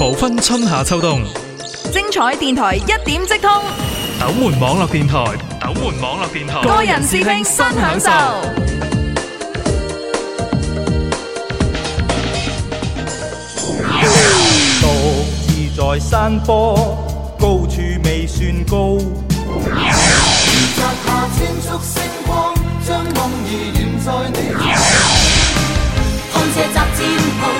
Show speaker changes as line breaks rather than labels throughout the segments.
無分春夏秋冬，
精彩電台一點即通。
斗門網絡電台，斗門網絡電台，個
人視聽新享受。
獨自在山坡，高處未算高。摘下千束星光，
將夢兒染在你肩。看這摘箭步。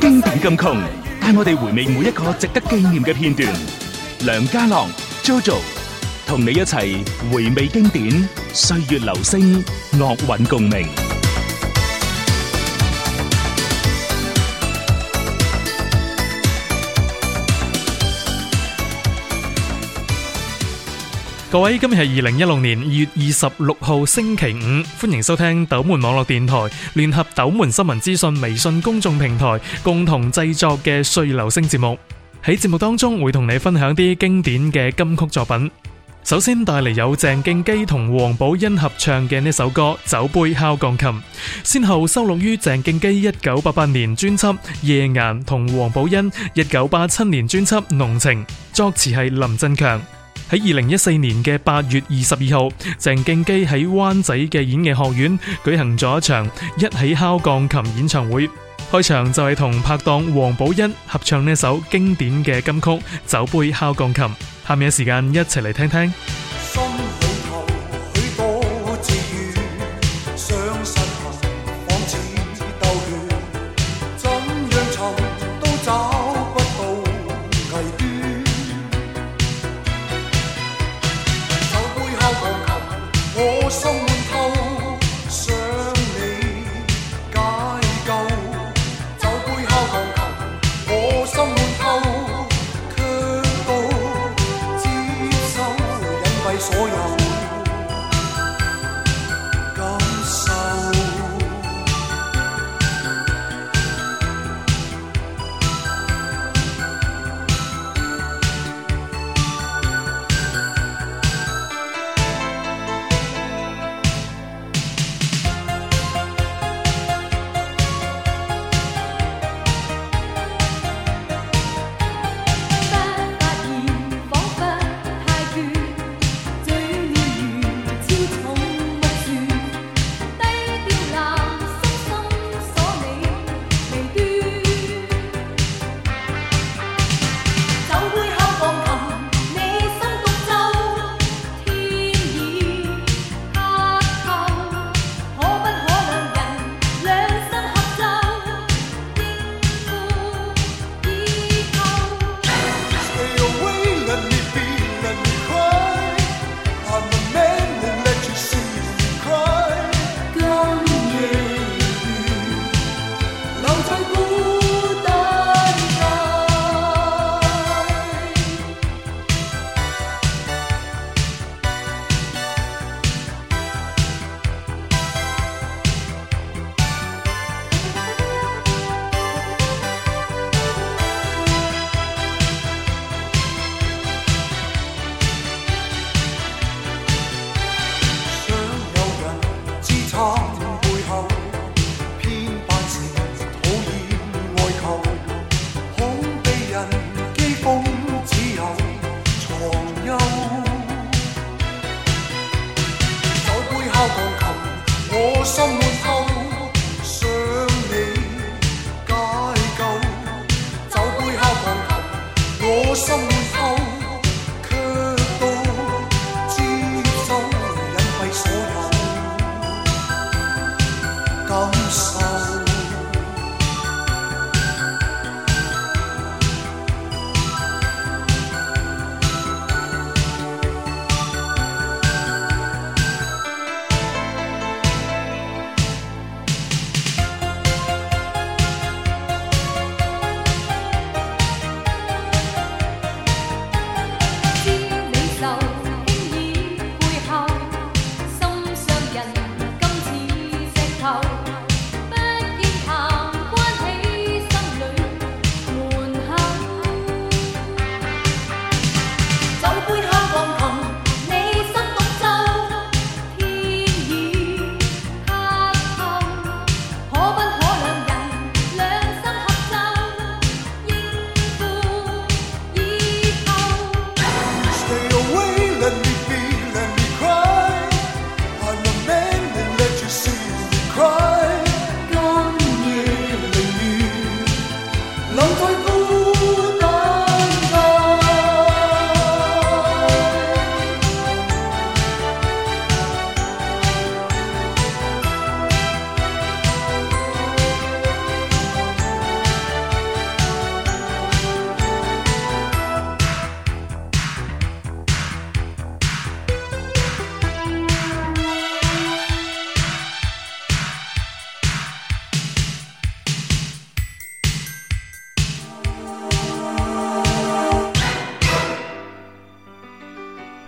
經典金窮，帶我哋回味每一個值得紀念嘅片段。梁家樂 JoJo，同你一齊回味經典，歲月留聲，樂韻共鳴。各位，今日係二零一六年二月二十六號星期五，歡迎收聽斗門網絡電台聯合斗門新聞資訊微信公眾平台共同製作嘅歲月留聲節目。喺節目當中會同你分享啲經典嘅金曲作品。首先帶嚟有鄭敬基同黃寶欣合唱嘅呢首歌《酒杯敲鋼琴》，先後收錄於鄭敬基一九八八年專輯《夜顏》同黃寶欣一九八七年專輯《濃情》，作詞係林振強。喺二零一四年嘅八月二十二號，鄭敬基喺灣仔嘅演藝學院舉行咗一場一起敲鋼琴演唱會，開場就係同拍檔黃寶欣合唱呢首經典嘅金曲《酒杯敲鋼琴》，下面嘅時間一齊嚟聽聽。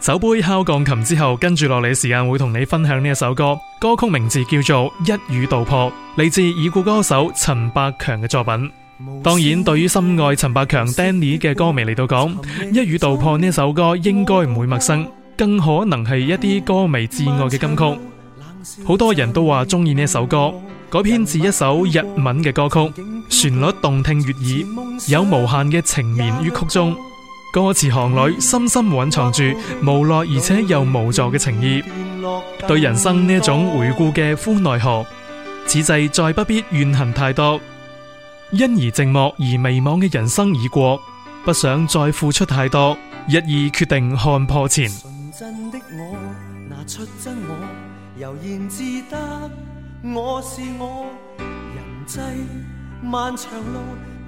首杯敲鋼琴之後，跟住落嚟時間會同你分享呢一首歌。歌曲名字叫做《一語道破》，嚟自已故歌手陳百強嘅作品。當然對於心，對於深愛陳百強 Danny 嘅歌迷嚟到講，《一語道破》呢首歌應該唔會陌生，更可能係一啲歌迷至愛嘅金曲。好多人都話中意呢首歌，改編自一首日文嘅歌曲，旋律動聽悅耳，有無限嘅情綿於曲中。歌詞行裏深深蘊藏住無奈而且又無助嘅情意，對人生呢一種回顧嘅呼奈何，此際再不必怨恨太多，因而寂寞而迷惘嘅人生已過，不想再付出太多，一意決定看破前
真我。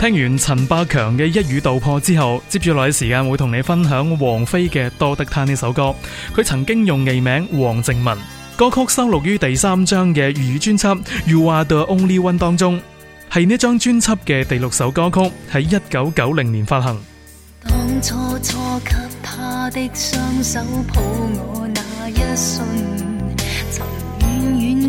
聽完陳百強嘅一語道破之後，接住來嘅時間會同你分享王菲嘅《多得他》呢首歌。佢曾經用藝名王靖雯，歌曲收錄於第三張嘅粵語專輯《You Are The Only One》當中，係呢一張專輯嘅第六首歌曲，喺一九九零年發行。
當初初給他的雙手抱我那一瞬。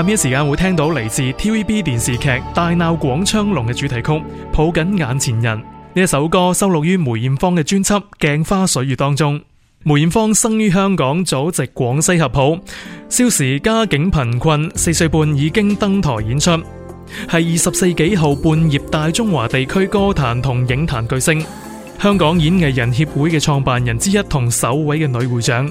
下面時間會聽到嚟自 TVB 電視劇《大鬧廣昌隆》嘅主題曲《抱緊眼前人》，呢一首歌收錄於梅艷芳嘅專輯《鏡花水月》當中。梅艷芳生於香港，祖籍廣西合浦，少時家境貧困，四歲半已經登台演出，係二十世紀後半葉大中華地區歌壇同影壇巨星，香港演藝人協會嘅創辦人之一同首位嘅女會長。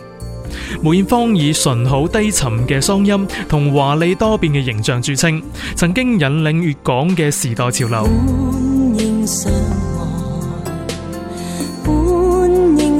梅艷芳以醇厚低沉嘅嗓音同華麗多變嘅形象著稱，曾經引領粵港嘅時代潮流。
本應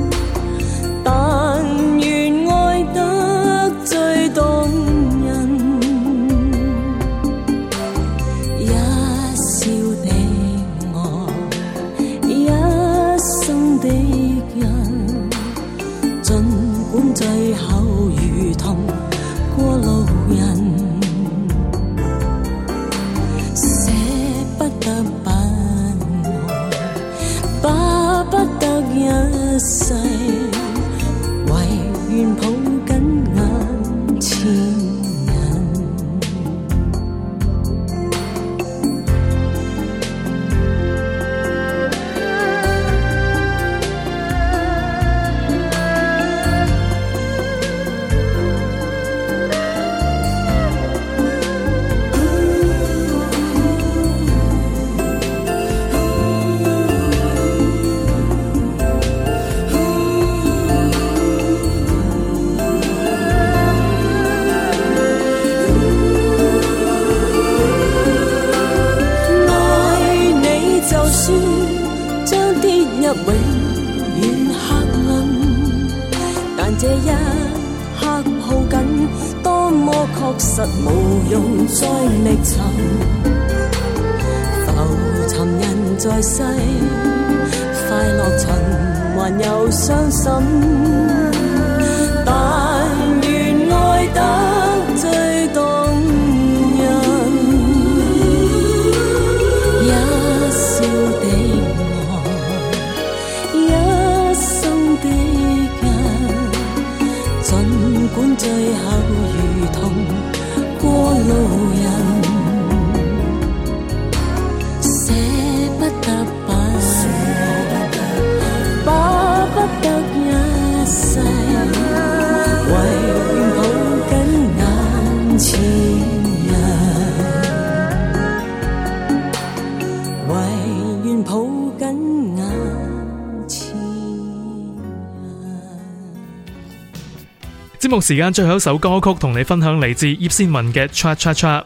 節目時間最後一首歌曲，同你分享嚟自葉倩文嘅《Cha Cha Cha》。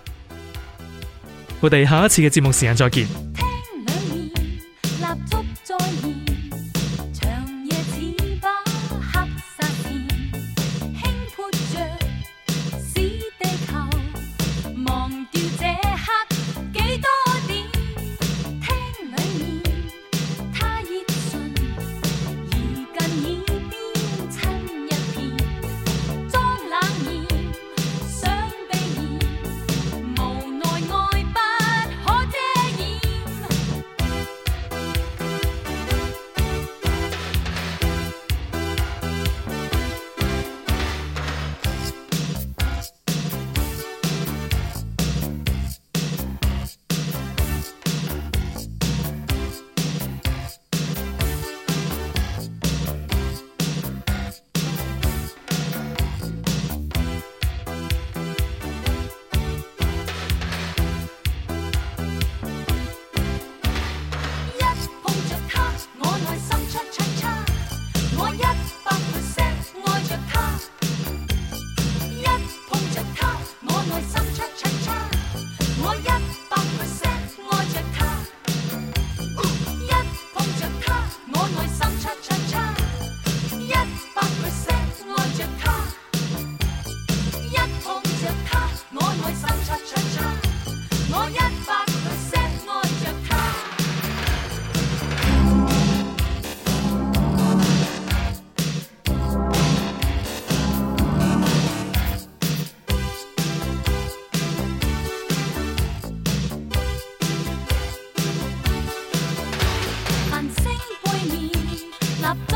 我哋下一次嘅節目時間再見。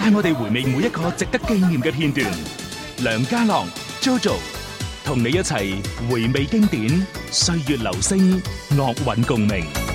帶我哋回味每一個值得紀念嘅片段，梁家朗 Jojo 同 jo，你一齊回味經典，歲月留聲，樂韻共鳴。